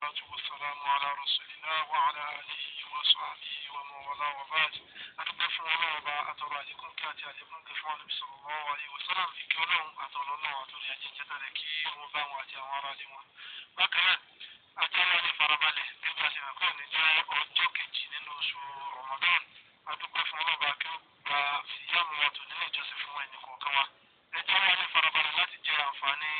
salatu wassalamu ala rasulillah wa ala alihi wa sahbihi wa man wala wa ba'd adúgbò fún ọlọ́run bá àtọrọ àlékún kí àti àlékún kí fún ọlọ́run sallallahu alaihi wasallam ìkẹ́ ọlọ́run àtọ̀lọ́ náà àtọ̀rọ̀ àjẹjẹta rẹ̀ kí wọ́n bá wọn àti àwọn ará wọn. bákan náà àtọ́lá ní farabalẹ̀ nígbà tí àkọ́ ní jẹ́ ọjọ́ kejì nínú oṣù Ramadan adúgbò fún ọlọ́run bá kí ó gba síyàmù wọn tò nílé ìjọsìn fún ẹnì kọ̀ọ̀kan wa ẹ jẹ́ wọn ní farabalẹ̀ láti jẹ àǹfààní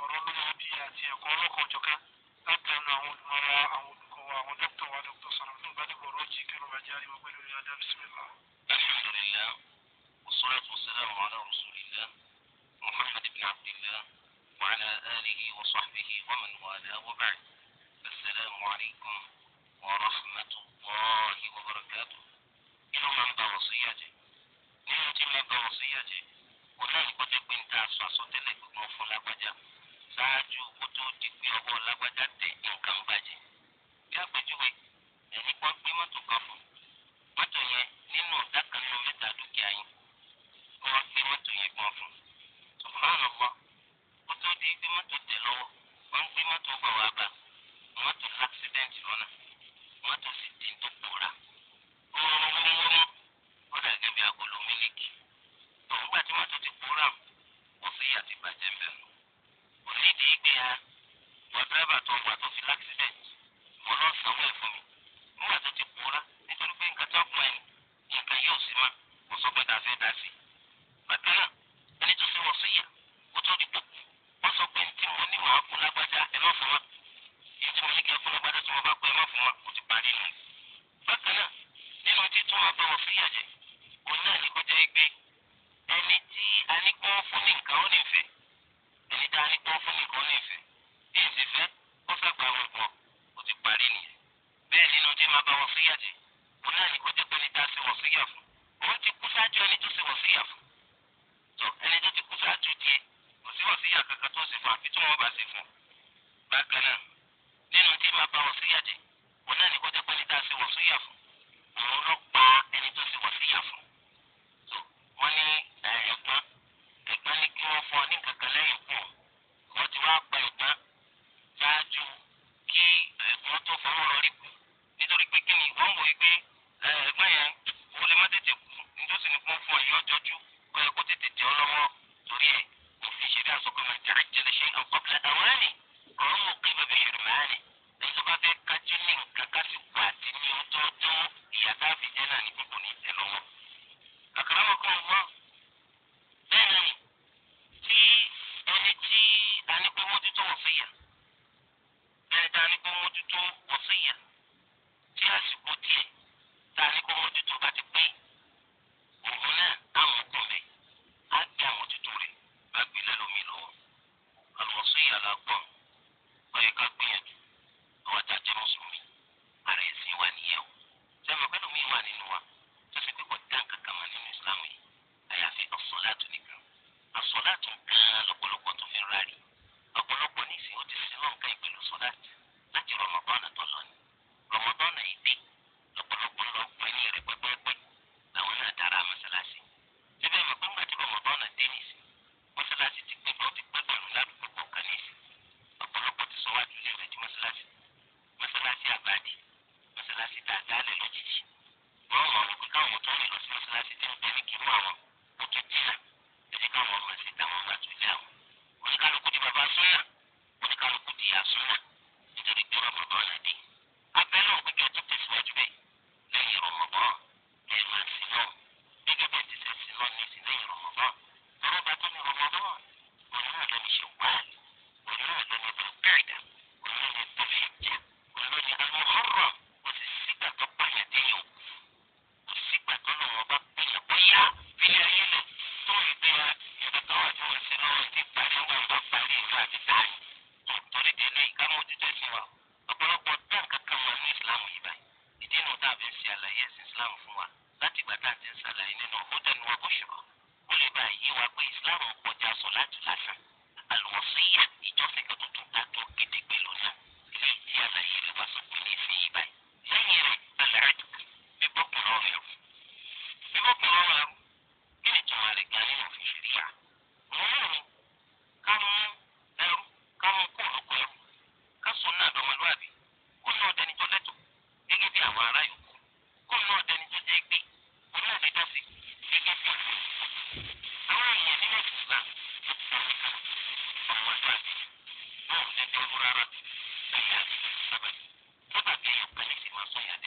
ọ̀rọ̀ lórí ibi àti ẹ̀kọ́ ọlọ́kan ọ̀jọ̀kan rabbana udmara awudko wa udabto wa adabto sanamtu badi boroji kero bajari wa badu ya da bismillah alhamdulillah والصلاة والسلام على رسول الله محمد بن عبد الله وعلى آله وصحبه ومن والاه وبعد السلام عليكم ورحمة الله وبركاته inú máa ń gba wọ̀síyà jẹ nínú tí máa ń gba wọ̀síyà jẹ òun náà ní kọjá pé ń ta aṣọ àsọtẹ́lẹ̀ gbogbo fún lágbájá ṣáájú kó tó di pé ọwọ́ sọ pé ẹ má fún wa ó ti parí nù. bákan náà nínú títún ọgbà òfin yẹn jẹ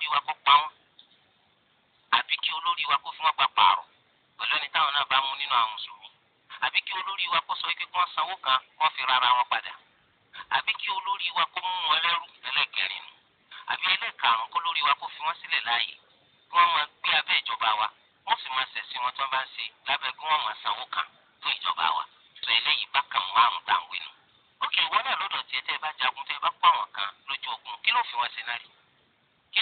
olórí wa kó pa wọn àbí kí olórí wa kó fún wọn gba pààrọ̀ pẹ̀lú ẹni táwọn náà bá mú nínú àwọn mùsùlùmí àbí kí olórí wa kó sọ pé kí wọ́n sanwó kan wọ́n fi rárá wọn padà àbí kí olórí wa kó mú wọn lẹ́rú ẹlẹ́kẹrin nù àbí ẹlẹ́karùn kó lórí wa kó fi wọ́n sílẹ̀ láàyè kí wọ́n máa gbé abẹ́ ìjọba wa wọ́n sì máa ṣẹ̀sìn wọn tí wọ́n bá ń ṣe lábẹ́ kí wọ́n máa sanwó kan fún ìjọba wa sọ eléyìí bákan márùn gbàǹgbé nù. ó kì náà lọ́dọ̀ tiẹ̀ tẹ́ ẹ bá jagun tẹ́ ẹ bá pa àwọn kan lójú ogun kí ló fi wọ́n ṣe náà rí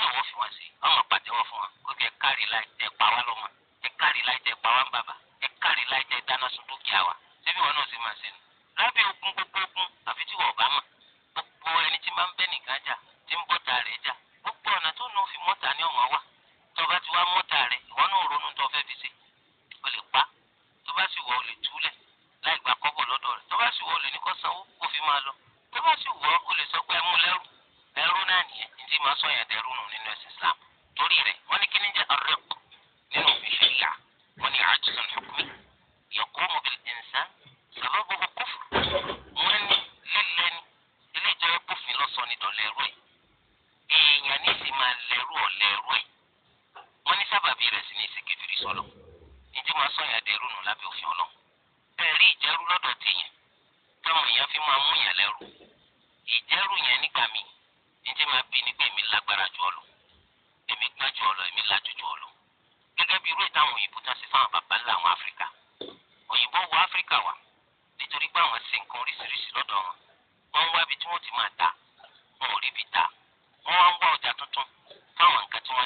kí ló wọ́n fi wá sí ọmọ pàtẹ́wọ́ fún wa ó jẹ́ kárí láì tẹ́ pa wá lọ́mọ jẹ́ kárí láì tẹ́ pa wá ń bàbà jẹ́ kárí láì tẹ́ dáná sun dúkìá wa síbí wọn náà sì máa ṣe nù lábẹ́ ogun gbogbo ogun àfi tí wọ́n bá mọ̀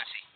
así.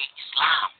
Islam.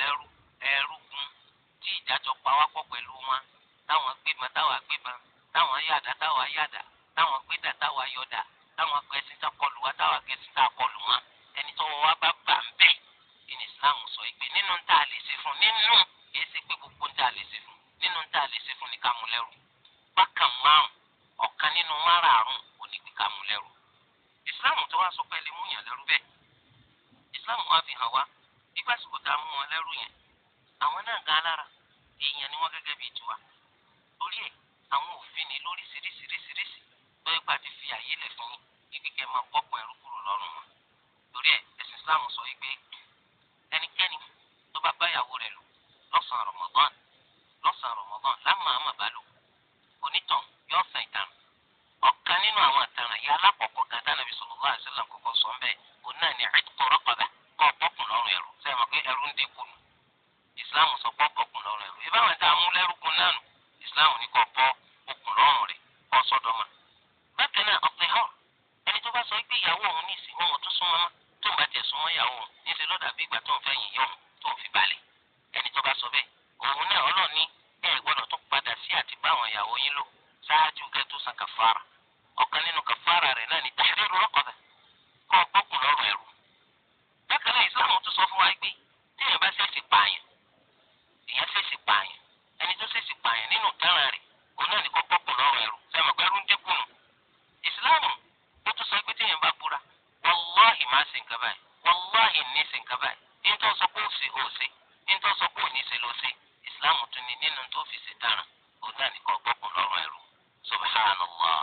lẹ́rú ẹrú tí ìjájọ pawápọ̀ pẹ̀lú wọn táwọn gbébọn táwọn gbébọn táwọn yàdá táwọn yàdá táwọn gbédà táwọn yọdà táwọn gbẹ̀sìn tá kọlù táwọn gbẹ̀sìn tá wọn. nínú tó fi ṣètàràn òun náà ní kò gbọ́kùn lọ́rùn ẹ̀rù subhanallah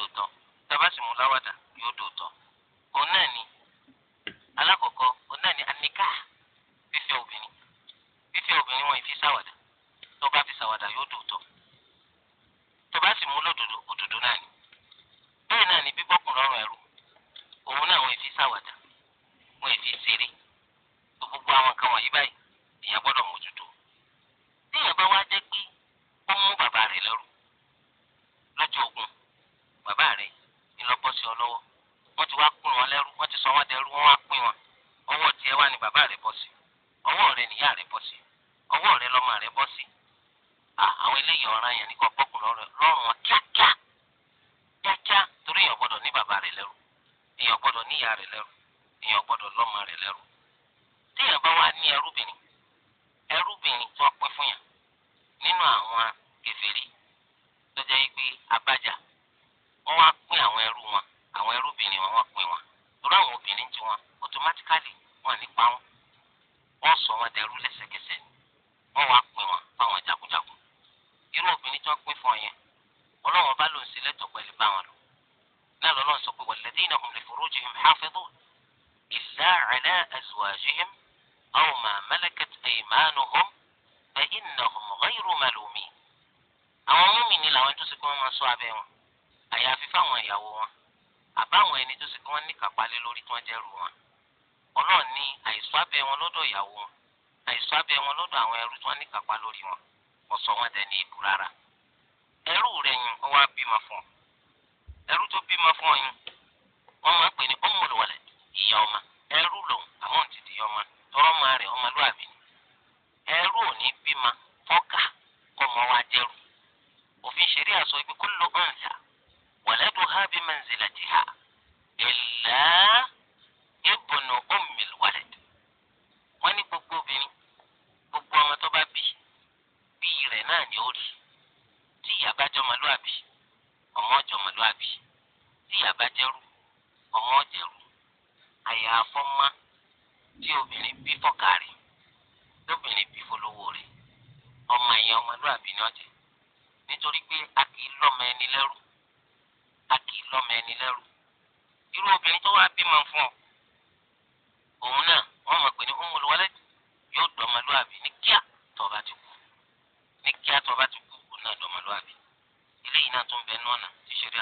dòótọ́ tábà sì mú láwàdà yóò dòótọ́ òun náà fún yín wọ́n máa pè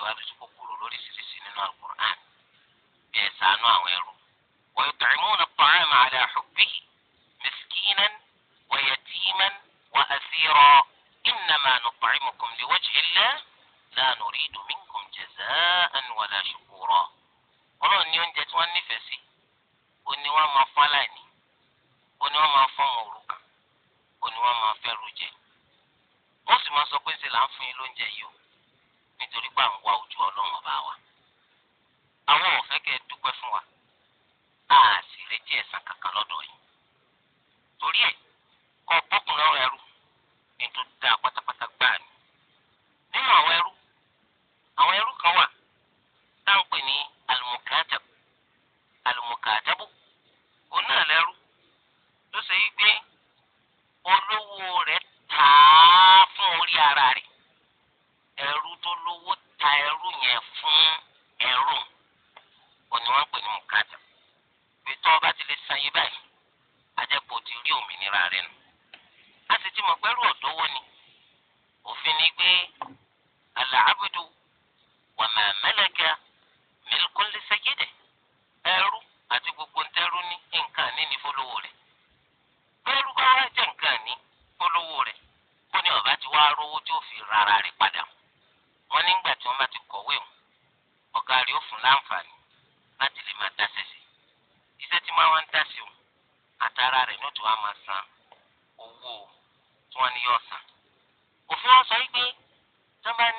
manageable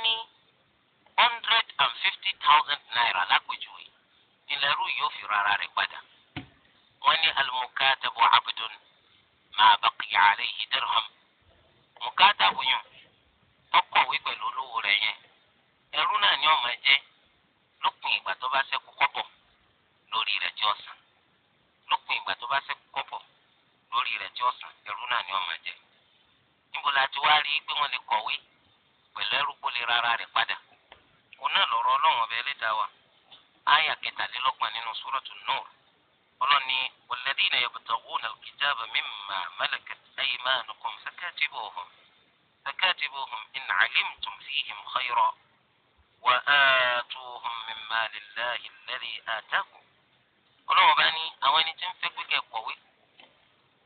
ní hundred and fifty thousand naira lápèjúwe ilẹ̀ rú yóò fi rárá fẹ́ pé kẹ́ kọ̀wé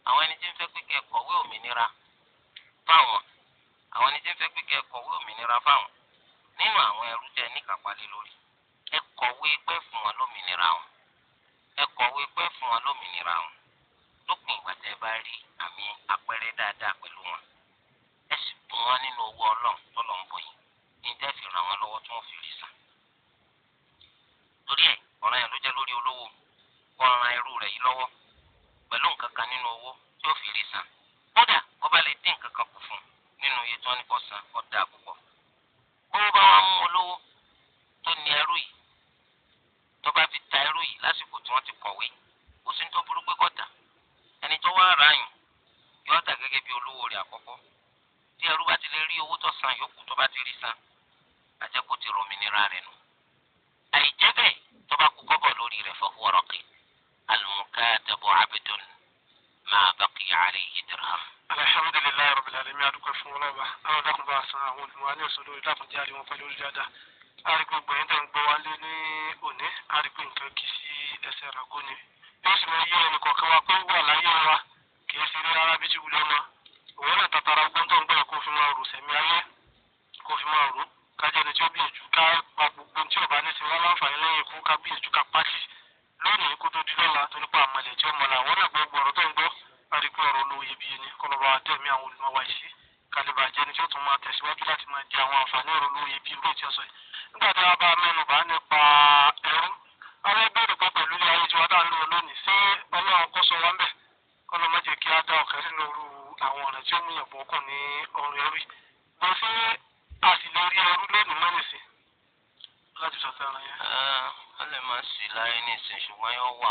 àwọn ẹni tí ń fẹ́ pé kẹ́ kọ̀wé òmìnira fáwọn àwọn ẹni tí ń fẹ́ pé kẹ́ kọ̀wé òmìnira fáwọn nínú àwọn ẹrú tẹ níkàpálẹ lórí ẹ kọ̀wé pé fún wọn lómìnira wọn ẹ kọ̀wé pé fún wọn lómìnira wọn lópin ìgbà tẹ bá rí àmì àpẹẹrẹ dáadáa pẹ̀lú wọn ẹ sì bùn wọn nínú owó Ọlọ́run tó lọ ń bọ yìí ní tẹ fi ràn wọn lọ́wọ́ tí wọn fi rí sàn torí ẹ ọ̀ràn yẹn ló jẹ́ lórí olówó mi kó ran irú rẹ̀ yìí lọ́wọ́ pẹ̀lú nǹkan kan nínú owó tí ó fi rí san kódà ó lè dín nǹkan kan kù fún un nínú iye tí wọ́n ní kó san ó dáa bó bá wà mú olówó tó ní ẹrú yìí tó bá fi ta ẹrú yìí lásìkò tí wọ́n ti kọ̀wé kò sí tó burú pé kọ́ta ẹni tó wá ra yìí yóò tà gẹ́gẹ́ bí olówó rẹ̀ àkọ́kọ́ tí ẹrú bá ti lè rí owó tó san yòókù tó bá ti rí san àjẹkù ti rọmìnira rẹ̀ nù àìjẹ́ bẹ́ẹ̀ tó bá kú kọ́bọ̀ lórí rẹ̀ fọ́ المكاتب عبد ما بقي عليه درهم alhamdulilayi rabil alamin adúpẹ́ fún ọlọ́ba àwọn dákun bá san àwọn olùmọ̀ọ́lé òṣòlò ìdákun jáde wọn pẹ̀lú orí dáadáa àrígbó gbẹ̀yìn tẹ̀ ń gbọ́ wálé ní òní àrígbó nǹkan kì í sí ẹsẹ̀ ràgó ni yóò sì mọ iye ẹnì kọ̀ọ̀kan wa pé wà láyé wa kì í sí rí ara bí ti wulẹ̀ mọ́ òun náà tatara ọgbọ́n tó ń gbọ́ kó fi máa rò sẹ̀mí ayé kó fi máa rò kájẹ́ni tí ó gbìyànjú ká pa gbogbo tí ọ̀bá ní sinmi láǹfààní lẹ́yìn ikú ká gbìyànjú ká pàṣẹ lónìí kó tó di lọ́la torí pa àmọ́ ilẹ̀ jẹ́ ọmọlá àwọn náà gbọ́gbọ́ ọ̀rọ̀ tó ń gbọ́ láti ọ̀rọ̀ olówó ni àtẹ̀mí àwọn olùmọ̀ wa ṣe kàlíbà ni tí ó tún máa tẹ̀síwájú láti máa di àwọn àǹfààní ọ̀rọ̀ olówó nígbà tí a bá mẹ́nu bá nípa ẹrú alẹ́ bẹ̀rẹ̀ pé pẹ̀lú ilé ayé tí wọ́n dá ń lò lónìí ṣé ọlọ́run sọ àwọn ọ̀rẹ́ tí ó mú position, way or oh,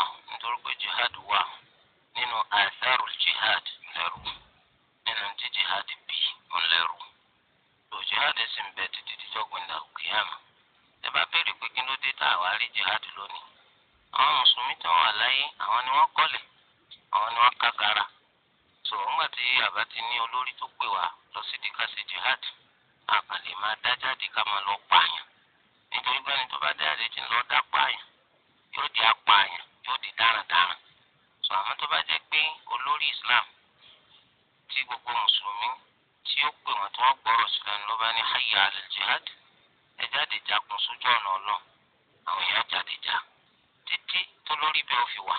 fi wà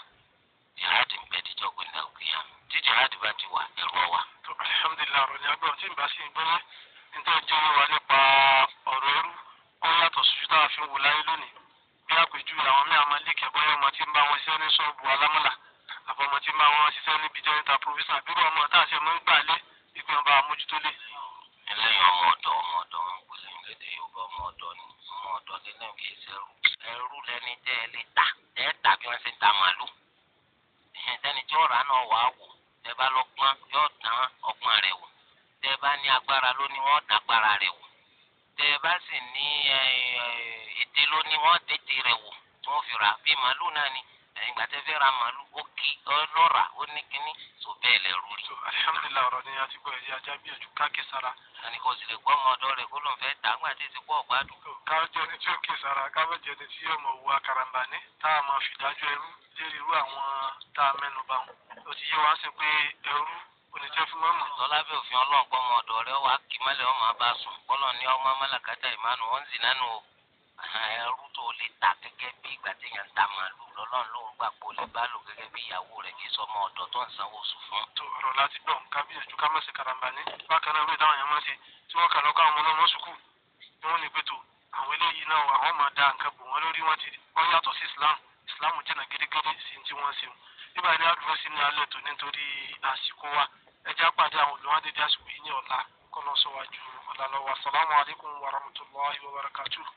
jihad ń bẹ díjọ́ gbẹ̀ndà òkè yá jihad bá ti wà ẹ̀rọ wà. alhamdulilayi ọ̀rọ̀ ni agbọ̀n tí n bá sí gbọ́n so bẹ́ẹ̀ lẹ rú rí. alhamdulilayi ọ̀rọ̀ ni a ti gbọ́ ẹ̀yẹ ajá gbìyànjú káàkì sára. ẹnì kan sì lè gbọ́ ọmọ ọ̀dọ́ rẹ̀ kó lóun fẹ́ dà á ńgbà tí ì ti pọ̀ gbádùn. káàjọ ni tí ó kè sára káàbọ̀ jẹ ni tí yóò mọ̀ wá karambà ní tá a máa fìdájọ́ ẹrú lérí irú àwọn tá a mẹ́nu bá wọn. ó ti yé wa sí pé ẹrú oníjẹ́ fún mọ́mọ́. lọ́lá bí òfin ọlọ́ọ̀gbọ́n ọ̀dọ́ rẹ̀ wà kí mọ́lẹ̀ ọmọ bá sùn kọ́lọ́ ní ọmọ mọ́làkátà ìmánu ọ̀ ẹrú tó lè ta gẹ́gẹ́ bí ìgbà téèyàn ń ta màálù lọ́lọ́run ló gbà pé o lè bá lò gẹ́gẹ́ bí ìyàwó rẹ̀ kì sọmọ ọ̀dọ̀ tó ń sanwó oṣù fún. tó ọ̀rọ̀ láti gbọ́ nǹkan bí ètò ká má ṣe ní bákan náà lóye táwọn èèyàn máa ń tí wọ́n kà lọ́kọ́ àwọn ọmọ sùkú ni wọ́n ní pé àwọn eléyìí náà àwọn máa da nǹkan bò wọ́n lórí wọ́n ti wọ́n yàtọ̀ sí Islam Islam jìnnà gidigidi sí ti wọ́n ṣe nígbà ní àdúró sí ní alẹ́ tó nítorí àsìkò wa ẹ já pàdé àwọn olùwádìí àsìkò yìí ní ọ̀la kọ́nà sọ ọ̀la lọ́wọ́ assalamu alaikum warahmatullahi wabarakatuh.